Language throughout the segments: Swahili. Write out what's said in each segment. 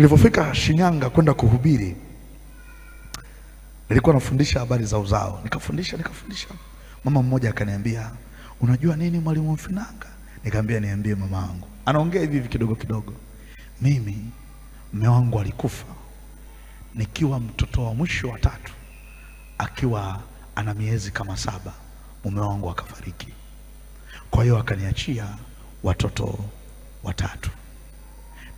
Nilipofika Shinyanga kwenda kuhubiri, nilikuwa nafundisha habari za uzao, nikafundisha nikafundisha. Mama mmoja akaniambia, unajua nini mwalimu Mfinanga? Nikamwambia, niambie mama wangu Anaongea hivi hivi kidogo kidogo, mimi mume wangu alikufa nikiwa mtoto wa mwisho wa tatu, akiwa ana miezi kama saba, mume wangu akafariki. Kwa hiyo akaniachia watoto watatu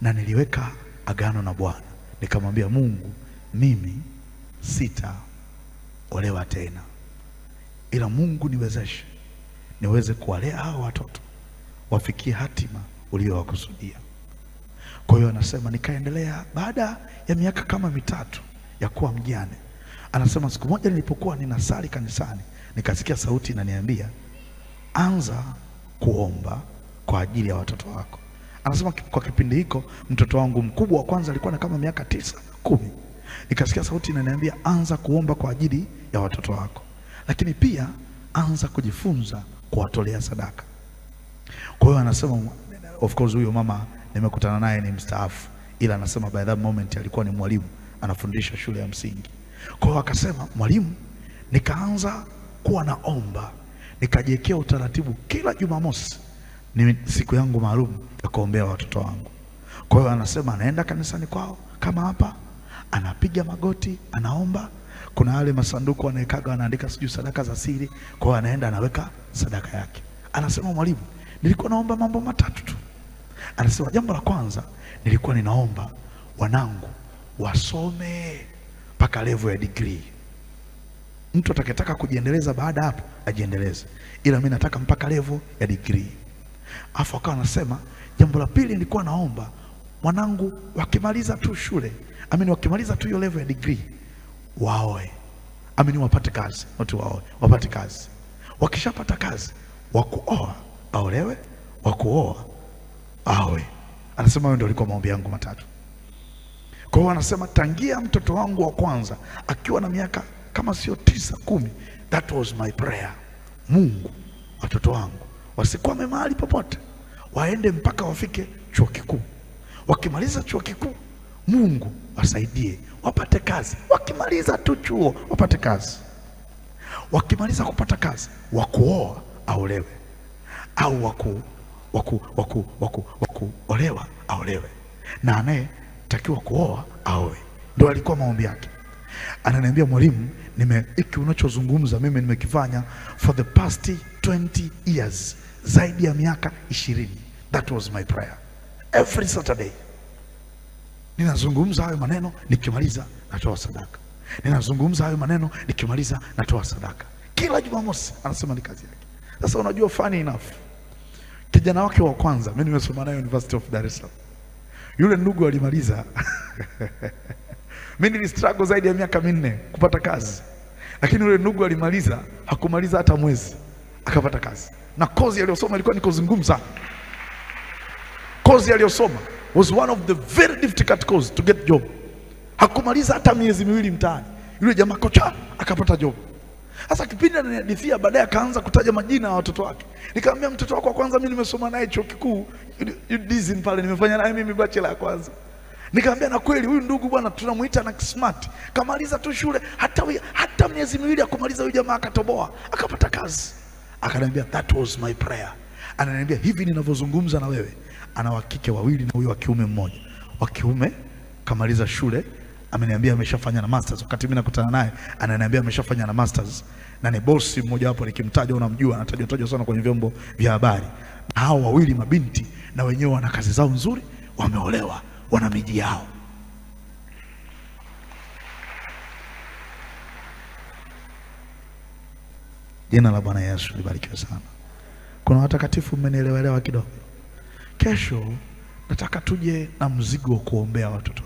na niliweka agano na Bwana, nikamwambia Mungu, mimi sitaolewa tena, ila Mungu niwezeshe niweze kuwalea hawa watoto wafikie hatima uliyowakusudia. Kwa hiyo anasema nikaendelea, baada ya miaka kama mitatu ya kuwa mjane, anasema siku moja nilipokuwa ninasali kanisani, nikasikia sauti inaniambia, anza kuomba kwa ajili ya watoto wako. Anasema kwa kipindi hiko mtoto wangu mkubwa wa kwanza alikuwa na kama miaka tisa kumi, nikasikia sauti inaniambia anza kuomba kwa ajili ya watoto wako, lakini pia anza kujifunza kuwatolea sadaka. Kwa hiyo anasema, of course huyo mama nimekutana naye ni mstaafu, ila anasema by that moment alikuwa ni mwalimu anafundisha shule ya msingi. Kwa hiyo akasema, mwalimu, nikaanza kuwa naomba, nikajiwekea utaratibu kila Jumamosi ni siku yangu maalum ya kuombea watoto wangu. Kwa hiyo anasema anaenda kanisani kwao kama hapa, anapiga magoti, anaomba. Kuna wale masanduku anaekaga, anaandika sijui sadaka za siri. Kwa hiyo anaenda anaweka sadaka yake. Anasema mwalimu, nilikuwa naomba mambo matatu tu. Anasema jambo la kwanza, nilikuwa ninaomba wanangu wasome mpaka level ya degree. Mtu atakayetaka kujiendeleza baada hapo ajiendeleze, ila mimi nataka mpaka level ya degree afu akawa anasema jambo la pili, nilikuwa naomba mwanangu wakimaliza tu shule amini, wakimaliza tu hiyo level ya degree waoe, amini, wapate kazi, watu waoe, wapate kazi, wakishapata kazi wakuoa aolewe, wakuoa aoe. Anasema hayo ndio alikuwa maombi yangu matatu. Kwa hiyo anasema tangia mtoto wangu wa kwanza akiwa na miaka kama sio tisa kumi, that was my prayer, Mungu watoto wangu wasikwame mahali popote, waende mpaka wafike chuo kikuu. Wakimaliza chuo kikuu, Mungu wasaidie wapate kazi. Wakimaliza tu chuo wapate kazi, wakimaliza kupata kazi, wakuoa aolewe, au waku waku waku waku wakuolewa aolewe, na anayetakiwa kuoa aoe. Ndio alikuwa maombi yake. Ananiambia, mwalimu, nime hiki unachozungumza mimi nimekifanya for the past 20 years zaidi ya miaka ishirini. That was my prayer every Saturday. Ninazungumza hayo maneno, nikimaliza natoa sadaka. Ninazungumza hayo maneno, nikimaliza natoa sadaka. Kila Jumamosi anasema ni kazi yake. Sasa unajua, funny enough, kijana wake wa kwanza mimi nimesoma naye University of Dar es Salaam, yule ndugu alimaliza mimi nilistruggle zaidi ya miaka minne kupata kazi, lakini yule ndugu alimaliza, hakumaliza hata mwezi akapata kazi na kozi aliyosoma ilikuwa ni kozi ngumu sana. Kozi aliyosoma was one of the very difficult course to get job. Hakumaliza hata miezi miwili mtaani, yule jamaa kocha akapata job. Sasa kipindi ananihadithia baadaye, akaanza kutaja majina ya watoto wake. Nikamwambia, mtoto wako wa kwanza mimi nimesoma naye chuo kikuu UDSM pale, nimefanya naye mimi bachela ya kwanza. Nikamwambia, na kweli huyu ndugu bwana, tunamuita na smart, kamaliza tu shule hata, hata miezi miwili akumaliza, huyu jamaa akatoboa akapata kazi. Akaniambia that was my prayer. Ananiambia hivi ninavyozungumza na wewe, ana wakike wawili na huyo wa kiume mmoja. Wa kiume kamaliza shule, ameniambia ameshafanya na masters. Wakati mimi nakutana naye, ananiambia ameshafanya na masters na ni bosi mmoja wapo, nikimtaja unamjua, anatajwa tajwa sana kwenye vyombo vya habari. Na hao wawili mabinti na wenyewe wana kazi zao nzuri, wameolewa, wana miji yao. Jina la Bwana Yesu libarikiwe sana. Kuna watakatifu mmenielewa kidogo. Kesho nataka tuje na mzigo wa kuombea watoto